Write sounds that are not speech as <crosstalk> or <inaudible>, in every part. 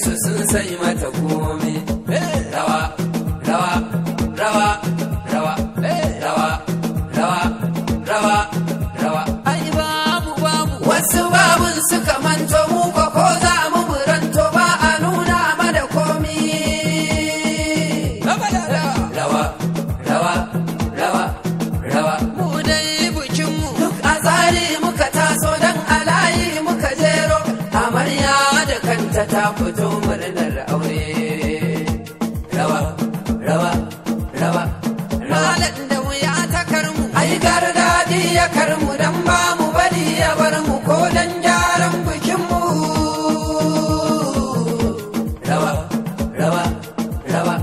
su sun sai mata komi eh, rawa rawa rawa rawa eh, rawa rawa rawa rawa ta ta fito murnar aure rawa rawa rawa malam da wuya ta karmu ai gargadi ya karmu dan ba mu bari ya bar mu ko dan gyaran bikin mu rawa rawa rawa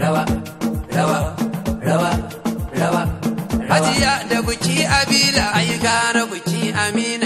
rawa rawa rawa rawa hajiya da buki abila ai gara buki amina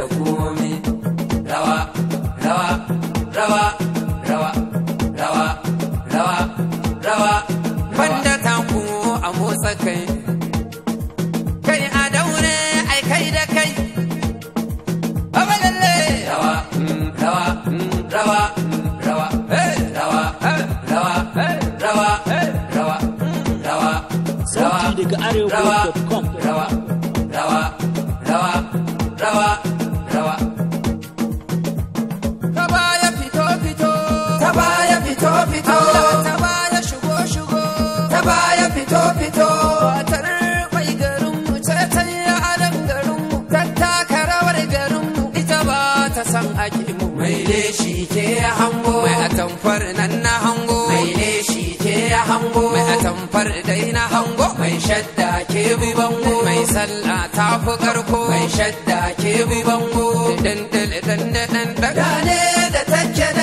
ta komi rawa rawa rawa rawa rawa rawa rawa banda ta ku a motsa kai kai a daure ai kai da kai abalalle rawa rawa rawa rawa rawa rawa rawa rawa rawa hakimu mai shi ke ya hango mai atamfar nan na hango mai shi ke ya hango mai atamfar dai na hango mai shadda ke bi bango mai salla ta fi karko mai shadda ke bi bango dandal dandal dandal da ne da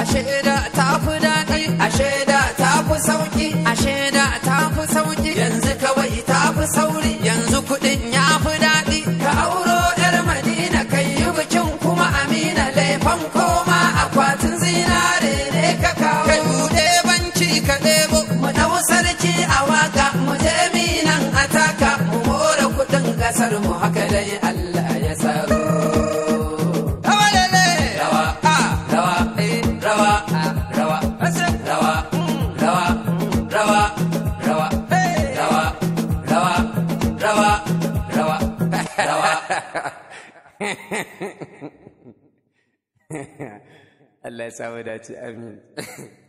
ashe da ta fi daɗi ashe da ta fi sauki ashe da ta fi sauki yanzu kawai ta fi sauri yanzu kuɗin ya fi daɗi ka auro yar madina kai yi bikin kuma amina laifan koma akwatin zinare ne ka kawo ka buɗe banci ka ɗebo mu ɗau sarki a waƙa mu je minan a taka mu more kuɗin gasar mu haka dai Allah <laughs> Allah ya samu dace amin <laughs>